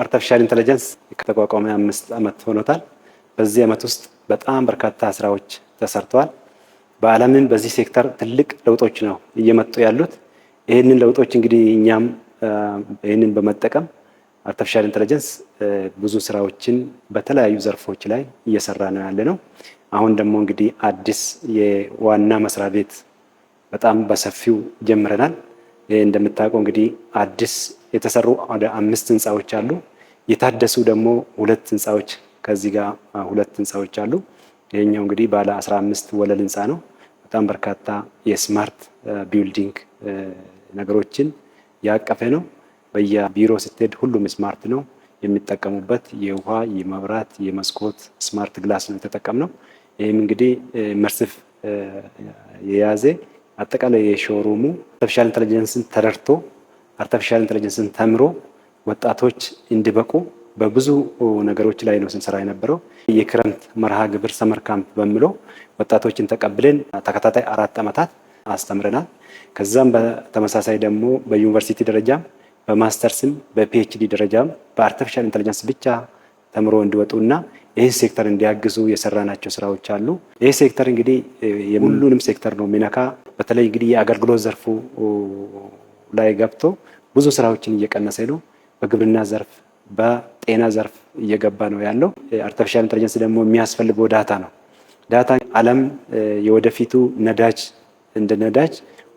አርቲፊሻል ኢንቴሊጀንስ ከተቋቋመ አምስት ዓመት ሆኖታል። በዚህ ዓመት ውስጥ በጣም በርካታ ስራዎች ተሰርተዋል። በዓለምም በዚህ ሴክተር ትልቅ ለውጦች ነው እየመጡ ያሉት። ይህንን ለውጦች እንግዲህ እኛም ይህንን በመጠቀም አርቲፊሻል ኢንቴሊጀንስ ብዙ ስራዎችን በተለያዩ ዘርፎች ላይ እየሰራ ነው ያለ ነው። አሁን ደግሞ እንግዲህ አዲስ የዋና መስሪያ ቤት በጣም በሰፊው ጀምረናል። እንደምታውቀው እንግዲህ አዲስ የተሰሩ ወደ አምስት ህንፃዎች አሉ። የታደሱ ደግሞ ሁለት ህንፃዎች ከዚህ ጋር ሁለት ህንፃዎች አሉ። ይሄኛው እንግዲህ ባለ 15 ወለል ህንፃ ነው። በጣም በርካታ የስማርት ቢልዲንግ ነገሮችን ያቀፈ ነው። በየቢሮ ስትሄድ ሁሉም ስማርት ነው የሚጠቀሙበት። የውሃ፣ የመብራት፣ የመስኮት ስማርት ግላስ ነው የተጠቀምነው። ይህም እንግዲህ መርስፍ የያዘ አጠቃላይ የሾሩሙ አርቲፊሻል ኢንተለጀንስን ተረድቶ አርቲፊሻል ኢንተለጀንስን ተምሮ ወጣቶች እንዲበቁ በብዙ ነገሮች ላይ ነው ስንሰራ የነበረው። የክረምት መርሃ ግብር ሰመር ካምፕ በሚለው ወጣቶችን ተቀብለን ተከታታይ አራት ዓመታት አስተምረናል። ከዛም በተመሳሳይ ደግሞ በዩኒቨርሲቲ ደረጃም በማስተርስም በፒኤችዲ ደረጃም በአርቲፊሻል ኢንተለጀንስ ብቻ ተምሮ እንዲወጡና ይህ ሴክተር እንዲያግዙ የሰራናቸው ስራዎች አሉ። ይህ ሴክተር እንግዲህ የሁሉንም ሴክተር ነው የሚነካ። በተለይ እንግዲህ የአገልግሎት ዘርፉ ላይ ገብቶ ብዙ ስራዎችን እየቀነሰ ነው። በግብርና ዘርፍ፣ በጤና ዘርፍ እየገባ ነው ያለው። አርቲፊሻል ኢንተለጀንስ ደግሞ የሚያስፈልገው ዳታ ነው። ዳታ ዓለም የወደፊቱ ነዳጅ እንደ ነዳጅ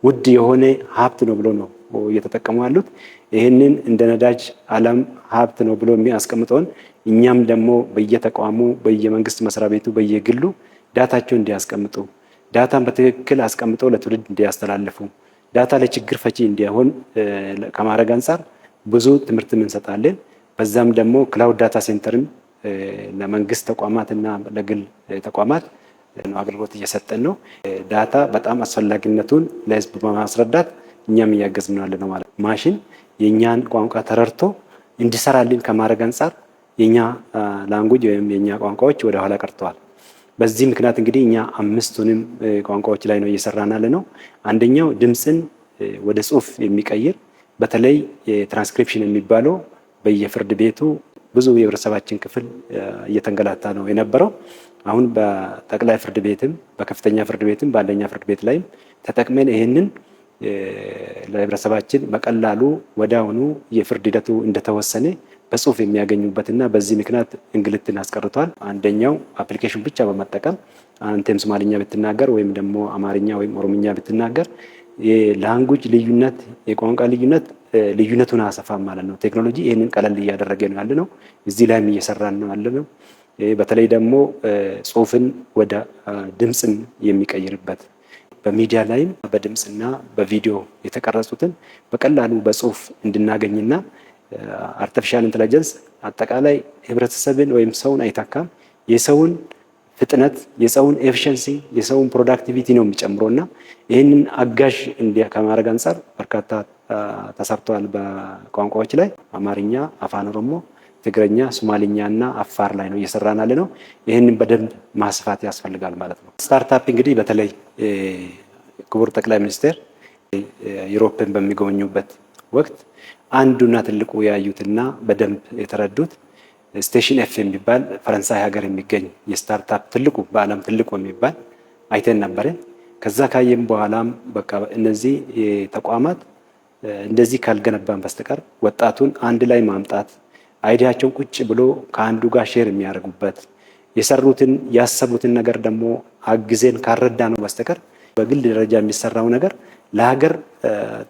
ውድ የሆነ ሀብት ነው ብሎ ነው እየተጠቀሙ ያሉት። ይህንን እንደ ነዳጅ ዓለም ሀብት ነው ብሎ የሚያስቀምጠውን እኛም ደግሞ በየተቋሙ በየመንግስት መስሪያ ቤቱ በየግሉ ዳታቸውን እንዲያስቀምጡ ዳታን በትክክል አስቀምጠው ለትውልድ እንዲያስተላልፉ ዳታ ለችግር ፈቺ እንዲሆን ከማድረግ አንጻር ብዙ ትምህርትም እንሰጣለን። በዛም ደግሞ ክላውድ ዳታ ሴንተርም ለመንግስት ተቋማት እና ለግል ተቋማት አገልግሎት እየሰጠን ነው። ዳታ በጣም አስፈላጊነቱን ለህዝብ በማስረዳት እኛም እያገዝን ነው ማለት ማሽን የእኛን ቋንቋ ተረድቶ እንዲሰራልን ከማድረግ አንጻር የእኛ ላንጉጅ ወይም የእኛ ቋንቋዎች ወደ ኋላ ቀርተዋል። በዚህ ምክንያት እንግዲህ እኛ አምስቱንም ቋንቋዎች ላይ ነው እየሰራን ያለ ነው። አንደኛው ድምፅን ወደ ጽሁፍ የሚቀይር በተለይ ትራንስክሪፕሽን የሚባለው በየፍርድ ቤቱ ብዙ የህብረተሰባችን ክፍል እየተንገላታ ነው የነበረው። አሁን በጠቅላይ ፍርድ ቤትም በከፍተኛ ፍርድ ቤትም በአንደኛ ፍርድ ቤት ላይም ተጠቅመን ይህንን ለህብረተሰባችን በቀላሉ ወዲያውኑ የፍርድ ሂደቱ እንደተወሰነ በጽሁፍ የሚያገኙበትና በዚህ ምክንያት እንግልትን አስቀርቷል። አንደኛው አፕሊኬሽን ብቻ በመጠቀም አንተም ሶማሊኛ ብትናገር ወይም ደግሞ አማርኛ ወይም ኦሮምኛ ብትናገር የላንጉጅ ልዩነት የቋንቋ ልዩነት ልዩነቱን አሰፋ ማለት ነው። ቴክኖሎጂ ይህንን ቀለል እያደረገ ነው ያለ ነው። እዚህ ላይም እየሰራን ነው ያለ ነው። በተለይ ደግሞ ጽሁፍን ወደ ድምፅን የሚቀይርበት በሚዲያ ላይም በድምፅና በቪዲዮ የተቀረጹትን በቀላሉ በጽሁፍ እንድናገኝና አርቲፊሻል ኢንተለጀንስ አጠቃላይ ህብረተሰብን ወይም ሰውን አይታካም። የሰውን ፍጥነት፣ የሰውን ኤፊሽንሲ፣ የሰውን ፕሮዳክቲቪቲ ነው የሚጨምረው እና ይህንን አጋዥ እንዲያ ከማድረግ አንጻር በርካታ ተሰርተዋል። በቋንቋዎች ላይ አማርኛ፣ አፋን ኦሮሞ ትግረኛ፣ ሶማሊኛ እና አፋር ላይ ነው እየሰራን ያለ ነው። ይህንን በደንብ ማስፋት ያስፈልጋል ማለት ነው። ስታርታፕ እንግዲህ በተለይ ክቡር ጠቅላይ ሚኒስትር ዩሮፕን በሚጎበኙበት ወቅት አንዱና ትልቁ ያዩትና በደንብ የተረዱት ስቴሽን ኤፍ የሚባል ፈረንሳይ ሀገር የሚገኝ የስታርታፕ ትልቁ በዓለም ትልቁ የሚባል አይተን ነበረ። ከዛ ካየም በኋላም በቃ እነዚህ ተቋማት እንደዚህ ካልገነባን በስተቀር ወጣቱን አንድ ላይ ማምጣት አይዲያቸውን ቁጭ ብሎ ከአንዱ ጋር ሼር የሚያደርጉበት የሰሩትን ያሰቡትን ነገር ደግሞ አግዜን ካረዳ ነው በስተቀር በግል ደረጃ የሚሰራው ነገር ለሀገር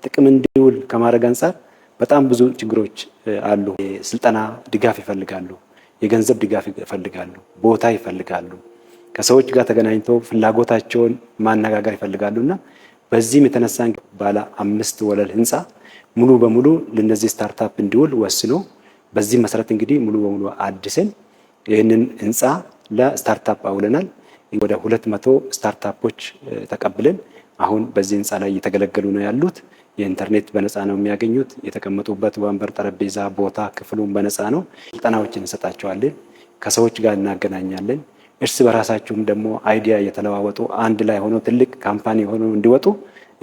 ጥቅም እንዲውል ከማድረግ አንጻር በጣም ብዙ ችግሮች አሉ። የስልጠና ድጋፍ ይፈልጋሉ፣ የገንዘብ ድጋፍ ይፈልጋሉ፣ ቦታ ይፈልጋሉ፣ ከሰዎች ጋር ተገናኝተው ፍላጎታቸውን ማነጋገር ይፈልጋሉ እና በዚህም የተነሳ ባለ አምስት ወለል ህንፃ ሙሉ በሙሉ ለነዚህ ስታርታፕ እንዲውል ወስኖ በዚህ መሰረት እንግዲህ ሙሉ በሙሉ አድሰን ይህንን ህንፃ ለስታርታፕ አውለናል። ወደ ሁለት መቶ ስታርታፖች ተቀብለን አሁን በዚህ ህንፃ ላይ እየተገለገሉ ነው ያሉት። የኢንተርኔት በነፃ ነው የሚያገኙት። የተቀመጡበት ወንበር፣ ጠረጴዛ፣ ቦታ ክፍሉን በነፃ ነው። ስልጠናዎች እንሰጣቸዋለን፣ ከሰዎች ጋር እናገናኛለን። እርስ በራሳችሁም ደግሞ አይዲያ እየተለዋወጡ አንድ ላይ ሆኖ ትልቅ ካምፓኒ ሆኖ እንዲወጡ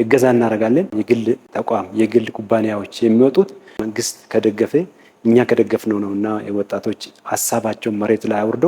እገዛ እናደርጋለን። የግል ተቋም የግል ኩባንያዎች የሚወጡት መንግስት ከደገፈ እኛ ከደገፍነው ነው እና ወጣቶች ሀሳባቸውን መሬት ላይ አውርዶ